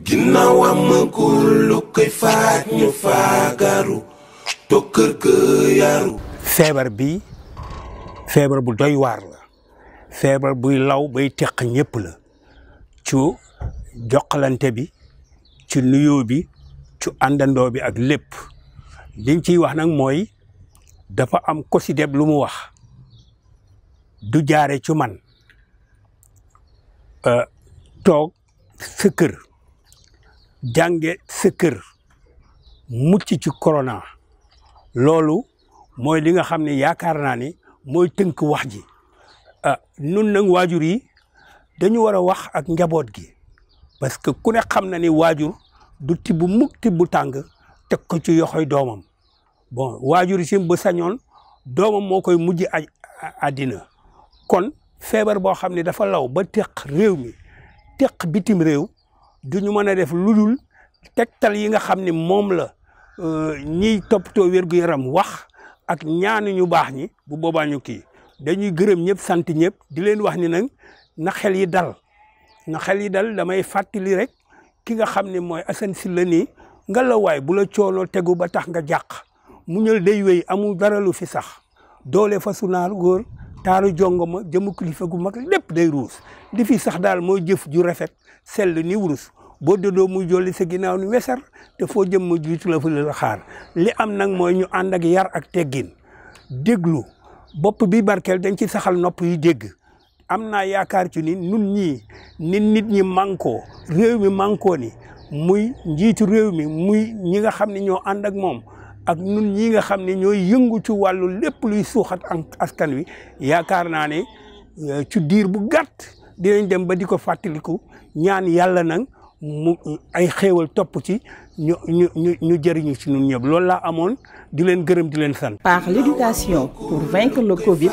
ginnaaw amagul lu koy ñu faagaru toog kër yaru feebar bi feebar bu doy waar feebar buy law bay teq ñëpp la ci joxalante bi ci nuyoo bi ci àndandoo bi ak lépp liñ ciy wax nag mooy dafa am ko si deb lu mu wax du jaare ci man euh, toog sa kër jànge sa kër mucc ci corona loolu mooy li nga xam ne yaakaar naa ni mooy tënk wax ji ah nun nag waajur yi dañu war a wax ak njaboot gi parce que ku ne xam na ni waajur du tibb mukk tibb tàng teg ko ci yoxoy doomam bon waajur yi sim ba sañoon doomam moo koy mujj a àddina kon feebar boo xam ne dafa law ba teq réew mi teq bitim réew du ñu mën a def lu dul tegtal yi nga xam ni moom la euh, ñiy toppatoo wér-gu-yaram wax ak ñaanu ñu baax ñi bu boobaa ñu kii dañuy gërëm ñëpp sant ñëpp di leen wax ni nag na xel yi dal na xel yi dal damay fàttali rek ki nga xam ne mooy Assane Sylla nii nga la waay bu la cooloo tegu ba tax nga jàq mu ñël day wéy amul dara lu fi sax doole fasu naar góor taaru jongoma jëmu kilifa gu mag lépp day ruus li fi sax daal mooy jëf ju rafet sell ni wurus boo dëddoo muy jolli sa ginnaaw nu wesar te foo jëm mu jiitu la fa la xaar li am nag mooy ñu ànd ak yar ak teggin déglu bopp bi barkeel dañ ci saxal nopp yu dégg am naa yaakaar ci ni nun ñii nit nit ñi mànkoo réew mi mànkoo ni muy njiitu réew mi muy ñi nga xam ni ñoo ànd ak moom ak nun ñii nga xam ne ñooy yëngu ci wàllu lépp luy suuxat askan wi yaakaar naa ne euh, ci diir bu gàtt dinañ dem ba di ko fàttaliku ñaan yàlla nag mu ay xéewal topp ci ñu ñu ñu ñu jëriñu ci ñun ñëpp loolu laa amoon di leen gërëm di leen sant. Par l'éducation pour vaincre le Covid,